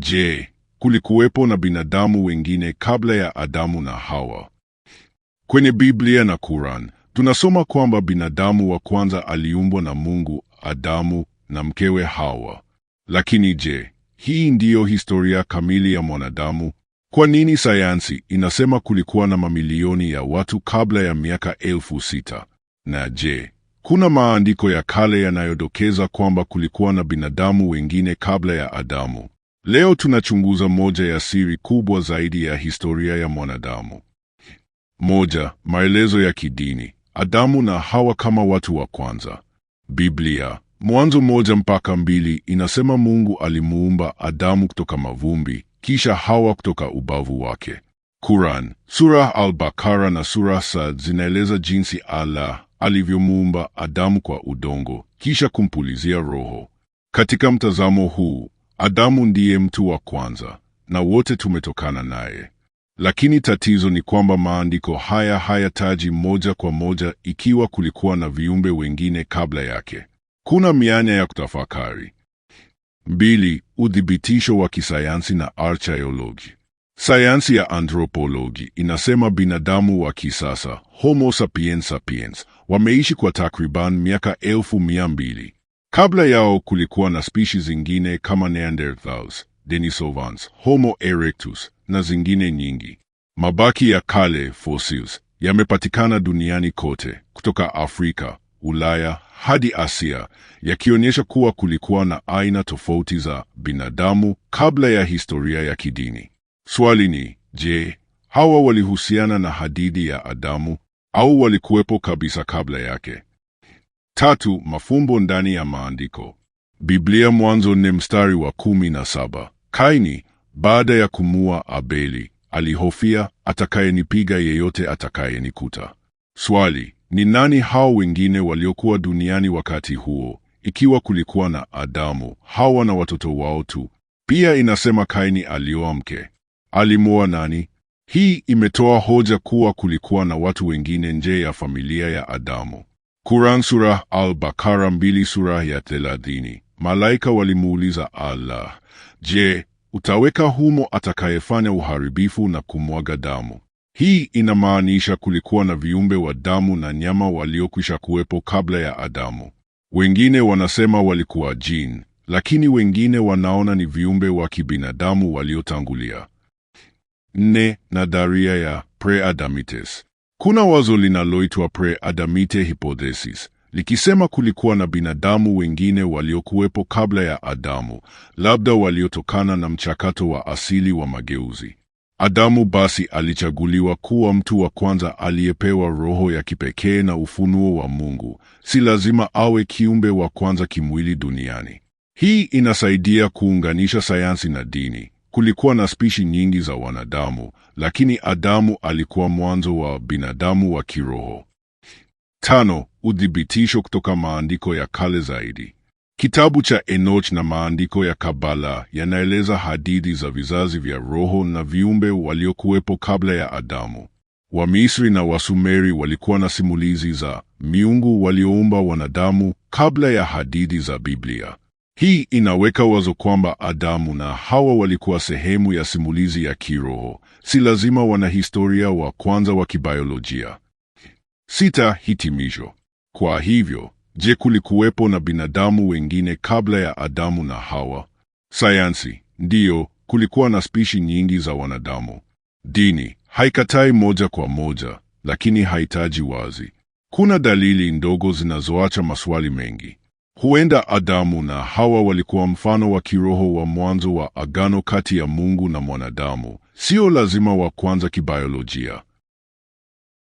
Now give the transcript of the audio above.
Je, kulikuwepo na binadamu wengine kabla ya Adamu na Hawa? Kwenye Biblia na Quran tunasoma kwamba binadamu wa kwanza aliumbwa na Mungu, Adamu na mkewe Hawa. Lakini je, hii ndiyo historia kamili ya mwanadamu? Kwa nini sayansi inasema kulikuwa na mamilioni ya watu kabla ya miaka elfu sita? Na je, kuna maandiko ya kale yanayodokeza kwamba kulikuwa na binadamu wengine kabla ya Adamu? Leo tunachunguza moja ya siri kubwa zaidi ya historia ya mwanadamu. Moja, maelezo ya kidini, Adamu na Hawa kama watu wa kwanza. Biblia Mwanzo moja mpaka mbili inasema Mungu alimuumba Adamu kutoka mavumbi, kisha Hawa kutoka ubavu wake. Quran sura Al-Bakara na sura Sad zinaeleza jinsi Allah alivyomuumba Adamu kwa udongo, kisha kumpulizia roho. Katika mtazamo huu Adamu ndiye mtu wa kwanza na wote tumetokana naye, lakini tatizo ni kwamba maandiko haya hayataji moja kwa moja ikiwa kulikuwa na viumbe wengine kabla yake. Kuna mianya ya kutafakari. Mbili, uthibitisho wa kisayansi na archaeology. Sayansi ya anthropology inasema binadamu wa kisasa Homo sapiens sapiens wameishi kwa takriban miaka elfu mia mbili Kabla yao kulikuwa na spishi zingine kama Neanderthals, Denisovans, Homo erectus na zingine nyingi. Mabaki ya kale fossils yamepatikana duniani kote, kutoka Afrika, Ulaya hadi Asia, yakionyesha kuwa kulikuwa na aina tofauti za binadamu kabla ya historia ya kidini. Swali ni je, hawa walihusiana na hadithi ya Adamu au walikuwepo kabisa kabla yake? Tatu, mafumbo ndani ya maandiko. Biblia Mwanzo ni mstari wa kumi na saba. Kaini baada ya kumua Abeli alihofia atakayenipiga yeyote atakayenikuta. Swali, ni nani hao wengine waliokuwa duniani wakati huo, ikiwa kulikuwa na Adamu, Hawa na watoto wao tu? Pia inasema Kaini alioa mke. Alimwoa nani? Hii imetoa hoja kuwa kulikuwa na watu wengine nje ya familia ya Adamu. Quran sura Al-Bakara mbili sura ya thelathini. Malaika walimuuliza Allah, je, utaweka humo atakayefanya uharibifu na kumwaga damu? Hii inamaanisha kulikuwa na viumbe wa damu na nyama waliokwisha kuwepo kabla ya Adamu. Wengine wanasema walikuwa jin, lakini wengine wanaona ni viumbe wa kibinadamu waliotangulia. Nne, nadharia ya pre-adamites. Kuna wazo linaloitwa pre-adamite hypothesis likisema kulikuwa na binadamu wengine waliokuwepo kabla ya Adamu, labda waliotokana na mchakato wa asili wa mageuzi. Adamu basi alichaguliwa kuwa mtu wa kwanza aliyepewa roho ya kipekee na ufunuo wa Mungu. Si lazima awe kiumbe wa kwanza kimwili duniani. Hii inasaidia kuunganisha sayansi na dini. Kulikuwa na spishi nyingi za wanadamu, lakini Adamu alikuwa mwanzo wa binadamu wa kiroho. Tano, udhibitisho kutoka maandiko ya kale zaidi. Kitabu cha Enoch na maandiko ya Kabala yanaeleza hadithi za vizazi vya roho na viumbe waliokuwepo kabla ya Adamu. Wamisri na Wasumeri walikuwa na simulizi za miungu walioumba wanadamu kabla ya hadithi za Biblia. Hii inaweka wazo kwamba Adamu na Hawa walikuwa sehemu ya simulizi ya kiroho, si lazima wanahistoria wa kwanza wa kibiolojia. Sita, hitimisho. Kwa hivyo, je, kulikuwepo na binadamu wengine kabla ya Adamu na Hawa? Sayansi: ndiyo, kulikuwa na spishi nyingi za wanadamu. Dini haikatai moja kwa moja, lakini hahitaji wazi. Kuna dalili ndogo zinazoacha maswali mengi. Huenda Adamu na Hawa walikuwa mfano wa kiroho wa mwanzo wa agano kati ya Mungu na mwanadamu, sio lazima wa kwanza kibiolojia.